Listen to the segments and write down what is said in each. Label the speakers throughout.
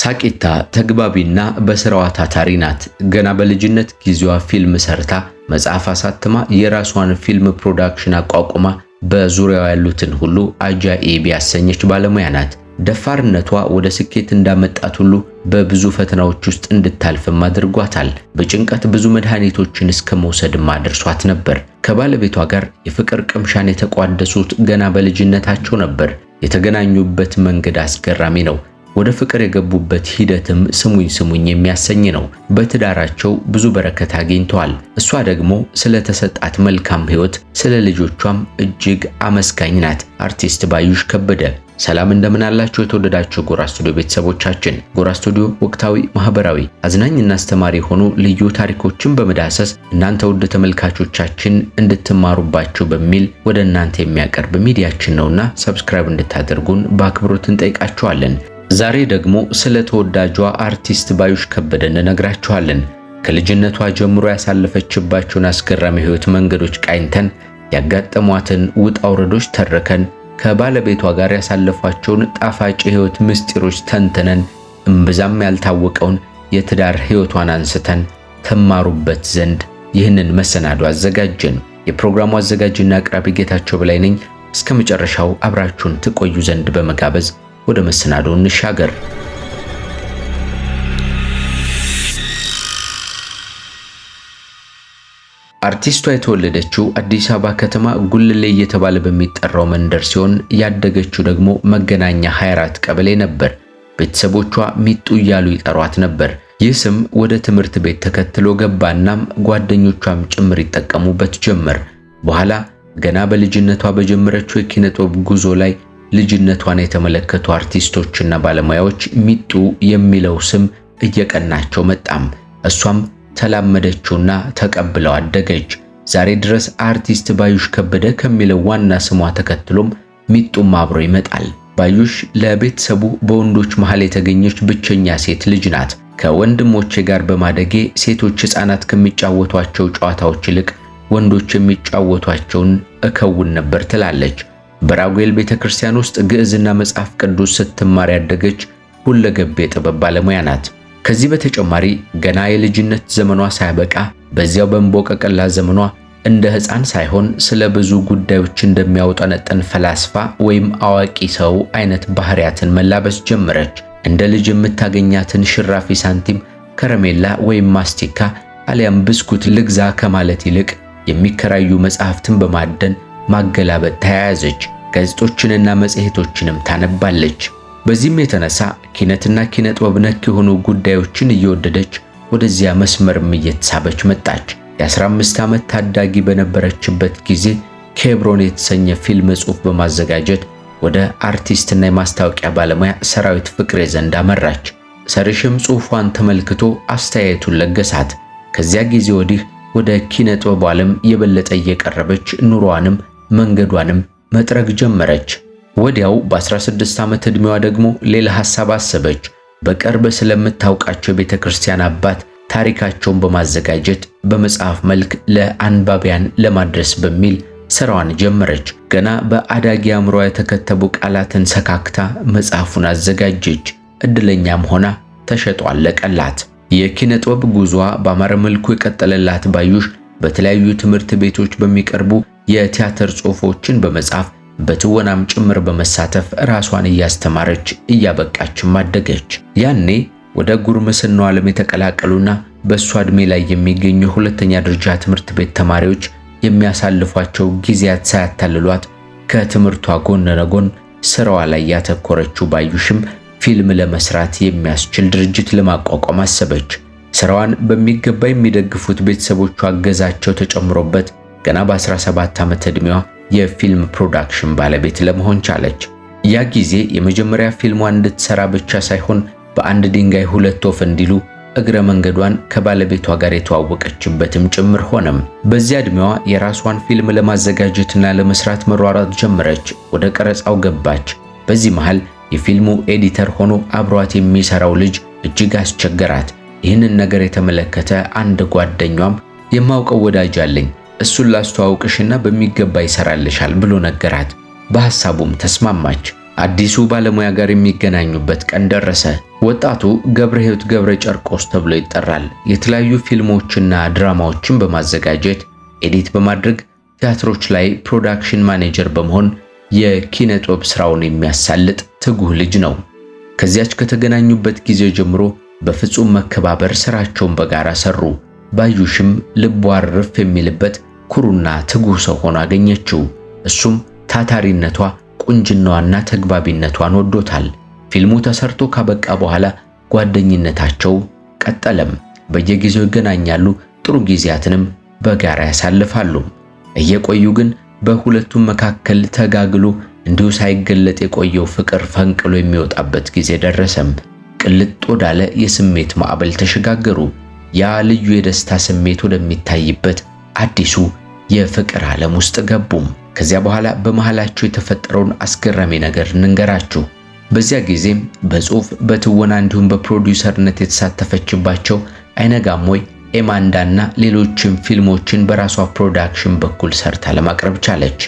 Speaker 1: ሳቂታ ተግባቢና በስራዋ ታታሪ ናት። ገና በልጅነት ጊዜዋ ፊልም ሰርታ መጽሐፍ አሳትማ የራሷን ፊልም ፕሮዳክሽን አቋቁማ በዙሪያዋ ያሉትን ሁሉ አጃኢብ ያሰኘች ባለሙያ ናት። ደፋርነቷ ወደ ስኬት እንዳመጣት ሁሉ በብዙ ፈተናዎች ውስጥ እንድታልፍም አድርጓታል። በጭንቀት ብዙ መድኃኒቶችን እስከ መውሰድም አድርሷት ነበር። ከባለቤቷ ጋር የፍቅር ቅምሻን የተቋደሱት ገና በልጅነታቸው ነበር። የተገናኙበት መንገድ አስገራሚ ነው። ወደ ፍቅር የገቡበት ሂደትም ስሙኝ ስሙኝ የሚያሰኝ ነው። በትዳራቸው ብዙ በረከት አግኝተዋል። እሷ ደግሞ ስለተሰጣት መልካም ሕይወት ስለ ልጆቿም እጅግ አመስጋኝ ናት። አርቲስት ባዩሽ ከበደ። ሰላም እንደምን አላችሁ? የተወደዳችሁ ጎራ ስቱዲዮ ቤተሰቦቻችን፣ ጎራ ስቱዲዮ ወቅታዊ፣ ማህበራዊ፣ አዝናኝና አስተማሪ የሆኑ ልዩ ታሪኮችን በመዳሰስ እናንተ ውድ ተመልካቾቻችን እንድትማሩባችሁ በሚል ወደ እናንተ የሚያቀርብ ሚዲያችን ነውና ሰብስክራይብ እንድታደርጉን በአክብሮት እንጠይቃችኋለን። ዛሬ ደግሞ ስለ ተወዳጇ አርቲስት ባዩሽ ከበደ እንነግራችኋለን። ከልጅነቷ ጀምሮ ያሳለፈችባቸውን አስገራሚ ሕይወት መንገዶች ቃኝተን ያጋጠሟትን ውጣ ውረዶች ከባለቤቷ ጋር ያሳለፏቸውን ጣፋጭ ሕይወት ምስጢሮች ተንትነን እምብዛም ያልታወቀውን የትዳር ሕይወቷን አንስተን ተማሩበት ዘንድ ይህንን መሰናዶ አዘጋጀን። የፕሮግራሙ አዘጋጅና አቅራቢ ጌታቸው በላይ ነኝ። እስከ መጨረሻው አብራችሁን ትቆዩ ዘንድ በመጋበዝ ወደ መሰናዶ እንሻገር።
Speaker 2: አርቲስቷ የተወለደችው አዲስ አበባ ከተማ ጉልሌ እየተባለ በሚጠራው መንደር ሲሆን ያደገችው ደግሞ መገናኛ 24 ቀበሌ ነበር። ቤተሰቦቿ ሚጡ እያሉ ይጠሯት ነበር። ይህ ስም ወደ ትምህርት ቤት ተከትሎ ገባናም ጓደኞቿም ጭምር ይጠቀሙበት ጀመር። በኋላ ገና በልጅነቷ በጀመረችው የኪነ ጉዞ ላይ ልጅነቷን የተመለከቱ አርቲስቶችና ባለሙያዎች ሚጡ የሚለው ስም እየቀናቸው መጣም። እሷም ተላመደችውና ተቀብለው አደገች። ዛሬ ድረስ አርቲስት ባዩሽ ከበደ ከሚለው ዋና ስሟ ተከትሎም ሚጡም አብሮ ይመጣል። ባዩሽ ለቤተሰቡ በወንዶች መሃል የተገኘች ብቸኛ ሴት ልጅ ናት። ከወንድሞቼ ጋር በማደጌ ሴቶች ሕፃናት ከሚጫወቷቸው ጨዋታዎች ይልቅ ወንዶች የሚጫወቷቸውን እከውን ነበር ትላለች። በራጉኤል ቤተክርስቲያን ውስጥ ግዕዝና መጽሐፍ ቅዱስ ስትማር ያደገች ሁለገብ የጥበብ ባለሙያ ናት። ከዚህ በተጨማሪ ገና የልጅነት ዘመኗ ሳያበቃ በዚያው በንቦቀቀላ ዘመኗ እንደ ሕፃን ሳይሆን ስለ ብዙ ጉዳዮች እንደሚያውጠነጥን ፈላስፋ ወይም አዋቂ ሰው አይነት ባህሪያትን መላበስ ጀመረች። እንደ ልጅ የምታገኛትን ሽራፊ ሳንቲም፣ ከረሜላ ወይም ማስቲካ አሊያም ብስኩት ልግዛ ከማለት ይልቅ የሚከራዩ መጽሐፍትን በማደን ማገላበጥ ተያያዘች። ጋዜጦችንና መጽሔቶችንም ታነባለች። በዚህም የተነሳ ኪነትና ኪነ ጥበብ ነክ የሆኑ ጉዳዮችን እየወደደች ወደዚያ መስመርም እየተሳበች መጣች። የ15 ዓመት ታዳጊ በነበረችበት ጊዜ ኬብሮን የተሰኘ ፊልም ጽሑፍ በማዘጋጀት ወደ አርቲስትና የማስታወቂያ ባለሙያ ሰራዊት ፍቅሬ ዘንድ አመራች። ሰርሽም ጽሑፏን ተመልክቶ አስተያየቱን ለገሳት። ከዚያ ጊዜ ወዲህ ወደ ኪነ ጥበብ ዓለም የበለጠ እየቀረበች ኑሯንም መንገዷንም መጥረግ ጀመረች። ወዲያው በ16 ዓመት ዕድሜዋ ደግሞ ሌላ ሐሳብ አሰበች። በቅርብ ስለምታውቃቸው የቤተ ክርስቲያን አባት ታሪካቸውን በማዘጋጀት በመጽሐፍ መልክ ለአንባቢያን ለማድረስ በሚል ስራዋን ጀመረች። ገና በአዳጊ አእምሯ የተከተቡ ቃላትን ሰካክታ መጽሐፉን አዘጋጀች። እድለኛም ሆና ተሸጦ አለቀላት። የኪነ ጥበብ ጉዟ በአማረ መልኩ የቀጠለላት ባዩሽ በተለያዩ ትምህርት ቤቶች በሚቀርቡ የቲያትር ጽሑፎችን በመጻፍ በትወናም ጭምር በመሳተፍ ራሷን እያስተማረች እያበቃችም አደገች። ያኔ ወደ ጉርምስናው ዓለም የተቀላቀሉና በእሷ ዕድሜ ላይ የሚገኙ ሁለተኛ ደረጃ ትምህርት ቤት ተማሪዎች የሚያሳልፏቸው ጊዜያት ሳያታልሏት ከትምህርቷ ጎን ለጎን ስራዋ ላይ ያተኮረችው ባዩሽም ፊልም ለመስራት የሚያስችል ድርጅት ለማቋቋም አሰበች። ስራዋን በሚገባ የሚደግፉት ቤተሰቦቿ እገዛቸው ተጨምሮበት ገና በ17 ዓመት ዕድሜዋ የፊልም ፕሮዳክሽን ባለቤት ለመሆን ቻለች። ያ ጊዜ የመጀመሪያ ፊልሟን እንድትሰራ ብቻ ሳይሆን በአንድ ድንጋይ ሁለት ወፍ እንዲሉ እግረ መንገዷን ከባለቤቷ ጋር የተዋወቀችበትም ጭምር ሆነም። በዚያ እድሜዋ የራሷን ፊልም ለማዘጋጀትና ለመስራት መሯሯጥ ጀመረች። ወደ ቀረጻው ገባች። በዚህ መሃል የፊልሙ ኤዲተር ሆኖ አብሯት የሚሰራው ልጅ እጅግ አስቸገራት። ይህንን ነገር የተመለከተ አንድ ጓደኛም የማውቀው ወዳጅ አለኝ እሱን ላስተዋውቅሽና በሚገባ ይሰራልሻል ብሎ ነገራት። በሐሳቡም ተስማማች። አዲሱ ባለሙያ ጋር የሚገናኙበት ቀን ደረሰ። ወጣቱ ገብረ ሕይወት ገብረ ጨርቆስ ተብሎ ይጠራል። የተለያዩ ፊልሞችና ድራማዎችን በማዘጋጀት ኤዲት በማድረግ ቲያትሮች ላይ ፕሮዳክሽን ማኔጀር በመሆን የኪነጦብ ስራውን የሚያሳልጥ ትጉህ ልጅ ነው። ከዚያች ከተገናኙበት ጊዜ ጀምሮ በፍጹም መከባበር ስራቸውን በጋራ ሰሩ። ባዩሽም ልቧ ርፍ የሚልበት ኩሩና ትጉህ ሰው ሆኖ አገኘችው። እሱም ታታሪነቷ፣ ቁንጅናዋና ተግባቢነቷን ወዶታል። ፊልሙ ተሰርቶ ካበቃ በኋላ ጓደኝነታቸው ቀጠለም። በየጊዜው ይገናኛሉ፣ ጥሩ ጊዜያትንም በጋራ ያሳልፋሉ። እየቆዩ ግን በሁለቱም መካከል ተጋግሎ እንዲሁ ሳይገለጥ የቆየው ፍቅር ፈንቅሎ የሚወጣበት ጊዜ ደረሰም። ቅልጥ ወዳለ የስሜት ማዕበል ተሸጋገሩ። ያ ልዩ የደስታ ስሜት ወደሚታይበት አዲሱ የፍቅር ዓለም ውስጥ ገቡም። ከዚያ በኋላ በመሃላቸው የተፈጠረውን አስገራሚ ነገር እንንገራችሁ። በዚያ ጊዜም በጽሁፍ በትወና እንዲሁም በፕሮዲውሰርነት የተሳተፈችባቸው አይነጋሞይ ኤማንዳና ሌሎችም ፊልሞችን በራሷ ፕሮዳክሽን በኩል ሰርታ ለማቅረብ ቻለች።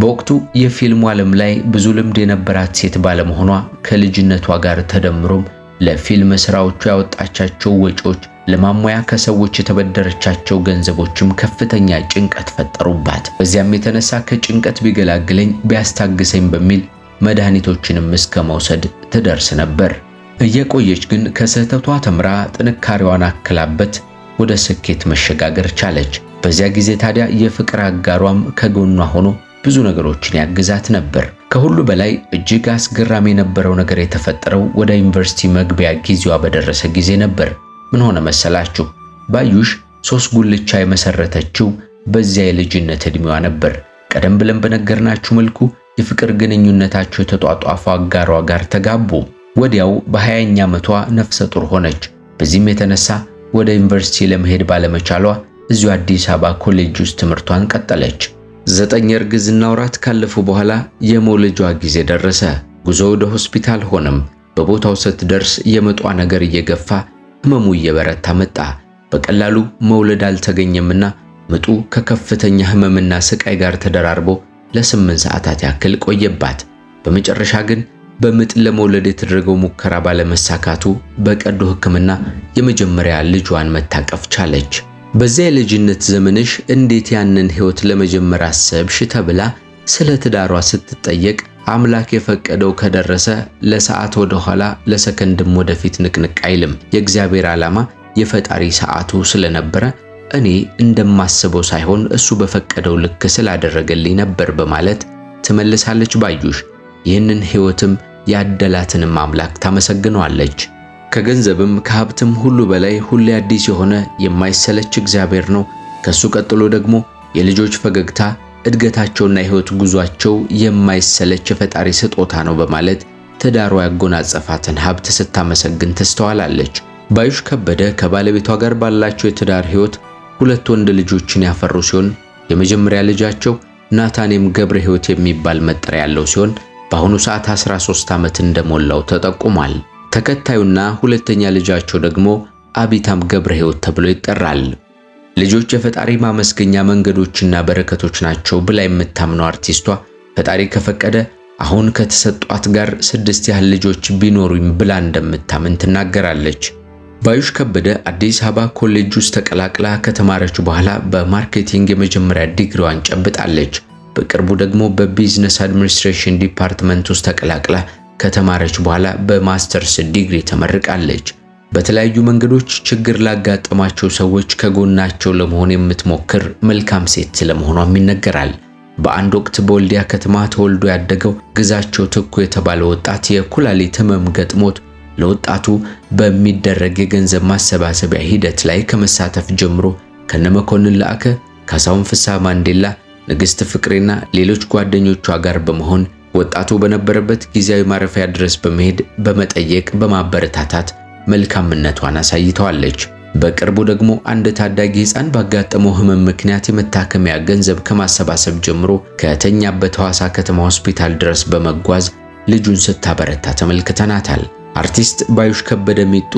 Speaker 2: በወቅቱ የፊልሙ ዓለም ላይ ብዙ ልምድ የነበራት ሴት ባለመሆኗ ከልጅነቷ ጋር ተደምሮም ለፊልም ስራዎቹ ያወጣቻቸው ወጪዎች ለማሟያ ከሰዎች የተበደረቻቸው ገንዘቦችም ከፍተኛ ጭንቀት ፈጠሩባት። በዚያም የተነሳ ከጭንቀት ቢገላግለኝ ቢያስታግሰኝ በሚል መድኃኒቶችንም እስከ መውሰድ ትደርስ ነበር። እየቆየች ግን ከስህተቷ ተምራ ጥንካሬዋን አክላበት ወደ ስኬት መሸጋገር ቻለች። በዚያ ጊዜ ታዲያ የፍቅር አጋሯም ከጎኗ ሆኖ ብዙ ነገሮችን ያግዛት ነበር። ከሁሉ በላይ እጅግ አስገራሚ የነበረው ነገር የተፈጠረው ወደ ዩኒቨርሲቲ መግቢያ ጊዜዋ በደረሰ ጊዜ ነበር። ምን ሆነ መሰላችሁ? ባዩሽ ሶስት ጉልቻ የመሰረተችው በዚያ የልጅነት እድሜዋ ነበር። ቀደም ብለን በነገርናችሁ መልኩ የፍቅር ግንኙነታቸው የተጧጧፈ አጋሯ ጋር ተጋቡ። ወዲያው በ20ኛ ዓመቷ ነፍሰ ጡር ሆነች። በዚህም የተነሳ ወደ ዩኒቨርሲቲ ለመሄድ ባለመቻሏ እዚሁ አዲስ አበባ ኮሌጅ ውስጥ ትምህርቷን ቀጠለች። ዘጠኝ የእርግዝና ወራት ካለፉ በኋላ የመውለጇ ጊዜ ደረሰ። ጉዞ ወደ ሆስፒታል ሆነም። በቦታው ስትደርስ የምጧ ነገር እየገፋ ህመሙ እየበረታ መጣ። በቀላሉ መውለድ አልተገኘምና ምጡ ከከፍተኛ ህመምና ስቃይ ጋር ተደራርቦ ለስምንት ሰዓታት ያክል ቆየባት። በመጨረሻ ግን በምጥ ለመውለድ የተደረገው ሙከራ ባለመሳካቱ በቀዶ ሕክምና የመጀመሪያ ልጇን መታቀፍ ቻለች። በዚያ የልጅነት ዘመንሽ እንዴት ያንን ህይወት ለመጀመር አሰብሽ ተብላ ስለ ትዳሯ ስትጠየቅ አምላክ የፈቀደው ከደረሰ ለሰዓት ወደኋላ ለሰከንድም ወደፊት ንቅንቅ አይልም። የእግዚአብሔር ዓላማ የፈጣሪ ሰዓቱ ስለነበረ እኔ እንደማስበው ሳይሆን እሱ በፈቀደው ልክ ስላደረገልኝ ነበር በማለት ትመልሳለች ባዩሽ። ይህንን ሕይወትም ያደላትንም አምላክ ታመሰግነዋለች። ከገንዘብም ከሀብትም ሁሉ በላይ ሁሌ አዲስ የሆነ የማይሰለች እግዚአብሔር ነው። ከሱ ቀጥሎ ደግሞ የልጆች ፈገግታ እድገታቸውና የህይወት ጉዟቸው የማይሰለች የፈጣሪ ስጦታ ነው በማለት ትዳሯ ያጎናጸፋትን ሀብት ስታመሰግን ትስተዋላለች። ባዩሽ ከበደ ከባለቤቷ ጋር ባላቸው የትዳር ህይወት ሁለት ወንድ ልጆችን ያፈሩ ሲሆን የመጀመሪያ ልጃቸው ናታኔም ገብረ ህይወት የሚባል መጠሪያ ያለው ሲሆን በአሁኑ ሰዓት 13 ዓመት እንደሞላው ተጠቁሟል። ተከታዩና ሁለተኛ ልጃቸው ደግሞ አቢታም ገብረ ህይወት ተብሎ ይጠራል። ልጆች የፈጣሪ ማመስገኛ መንገዶችና በረከቶች ናቸው ብላ የምታምነው አርቲስቷ ፈጣሪ ከፈቀደ አሁን ከተሰጧት ጋር ስድስት ያህል ልጆች ቢኖሩኝ ብላ እንደምታምን ትናገራለች። ባዩሽ ከበደ አዲስ አበባ ኮሌጅ ውስጥ ተቀላቅላ ከተማረች በኋላ በማርኬቲንግ የመጀመሪያ ዲግሪዋን ጨብጣለች። በቅርቡ ደግሞ በቢዝነስ አድሚኒስትሬሽን ዲፓርትመንት ውስጥ ተቀላቅላ ከተማረች በኋላ በማስተርስ ዲግሪ ተመርቃለች። በተለያዩ መንገዶች ችግር ላጋጠማቸው ሰዎች ከጎናቸው ለመሆን የምትሞክር መልካም ሴት ስለመሆኗም ይነገራል። በአንድ ወቅት በወልዲያ ከተማ ተወልዶ ያደገው ግዛቸው ትኩ የተባለ ወጣት የኩላሊት ህመም ገጥሞት ለወጣቱ በሚደረግ የገንዘብ ማሰባሰቢያ ሂደት ላይ ከመሳተፍ ጀምሮ ከነመኮንን ለአከ፣ ካሳሁን ፍስሐ ማንዴላ፣ ንግሥት ፍቅሬና ሌሎች ጓደኞቿ ጋር በመሆን ወጣቱ በነበረበት ጊዜያዊ ማረፊያ ድረስ በመሄድ በመጠየቅ በማበረታታት መልካምነቷን አሳይተዋለች። በቅርቡ ደግሞ አንድ ታዳጊ ህፃን ባጋጠመው ህመም ምክንያት የመታከሚያ ገንዘብ ከማሰባሰብ ጀምሮ ከተኛበት ሐዋሳ ከተማ ሆስፒታል ድረስ በመጓዝ ልጁን ስታበረታ ተመልክተናታል። አርቲስት ባዩሽ ከበደ ሚጡ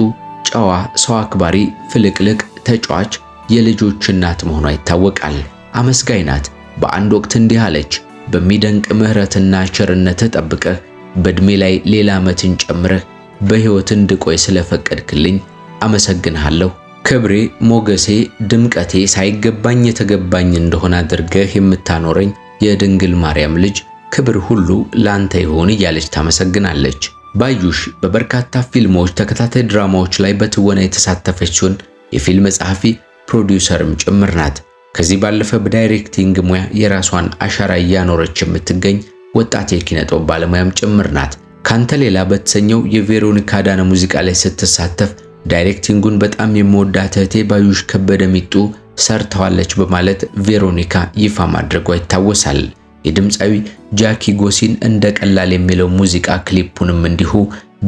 Speaker 2: ጨዋ፣ ሰው አክባሪ፣ ፍልቅልቅ ተጫዋች፣ የልጆች እናት መሆኗ ይታወቃል። አመስጋኝ ናት። በአንድ ወቅት እንዲህ አለች። በሚደንቅ ምህረትና ቸርነት ጠብቀህ በዕድሜ ላይ ሌላ ዓመትን ጨምረህ በሕይወት እንድቆይ ስለፈቀድክልኝ አመሰግንሃለሁ። ክብሬ፣ ሞገሴ፣ ድምቀቴ ሳይገባኝ የተገባኝ እንደሆነ አድርገህ የምታኖረኝ የድንግል ማርያም ልጅ ክብር ሁሉ ላንተ ይሁን እያለች ታመሰግናለች። ባዩሽ በበርካታ ፊልሞች፣ ተከታታይ ድራማዎች ላይ በትወና የተሳተፈች ሲሆን የፊልም ጸሐፊ ፕሮዲውሰርም ጭምር ናት። ከዚህ ባለፈ በዳይሬክቲንግ ሙያ የራሷን አሻራ እያኖረች የምትገኝ ወጣት የኪነጥበብ ባለሙያም ጭምር ናት። ካንተ ሌላ በተሰኘው የቬሮኒካ አዳነ ሙዚቃ ላይ ስትሳተፍ ዳይሬክቲንጉን በጣም የምወዳት እህቴ ባዩሽ ከበደ ሚጡ ሰርተዋለች በማለት ቬሮኒካ ይፋ ማድረጓ ይታወሳል። የድምፃዊ ጃኪ ጎሲን እንደ ቀላል የሚለው ሙዚቃ ክሊፑንም እንዲሁ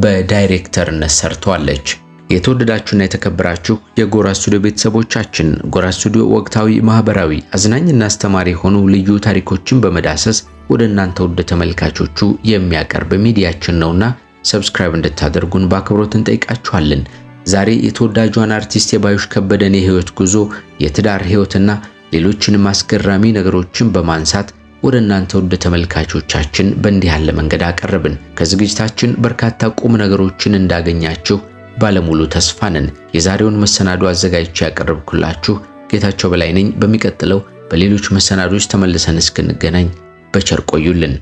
Speaker 2: በዳይሬክተርነት ሰርተዋለች። የተወደዳችሁና የተከበራችሁ የጎራ ስቱዲዮ ቤተሰቦቻችን፣ ጎራ ስቱዲዮ ወቅታዊ፣ ማህበራዊ፣ አዝናኝና አስተማሪ የሆኑ ልዩ ታሪኮችን በመዳሰስ ወደ እናንተ ውድ ተመልካቾቹ የሚያቀርብ ሚዲያችን ነውና ሰብስክራይብ እንድታደርጉን በአክብሮት እንጠይቃችኋለን። ዛሬ የተወዳጇን አርቲስት የባዩሽ ከበደን የህይወት ጉዞ፣ የትዳር ህይወትና ሌሎችንም አስገራሚ ነገሮችን በማንሳት ወደ እናንተ ውድ ተመልካቾቻችን በእንዲህ ያለ መንገድ አቀረብን። ከዝግጅታችን በርካታ ቁም ነገሮችን እንዳገኛችሁ ባለሙሉ ተስፋ ነን። የዛሬውን መሰናዶ አዘጋጅቼ ያቀረብኩላችሁ ጌታቸው በላይ ነኝ። በሚቀጥለው በሌሎች መሰናዶች ተመልሰን እስክንገናኝ በቸር ቆዩልን።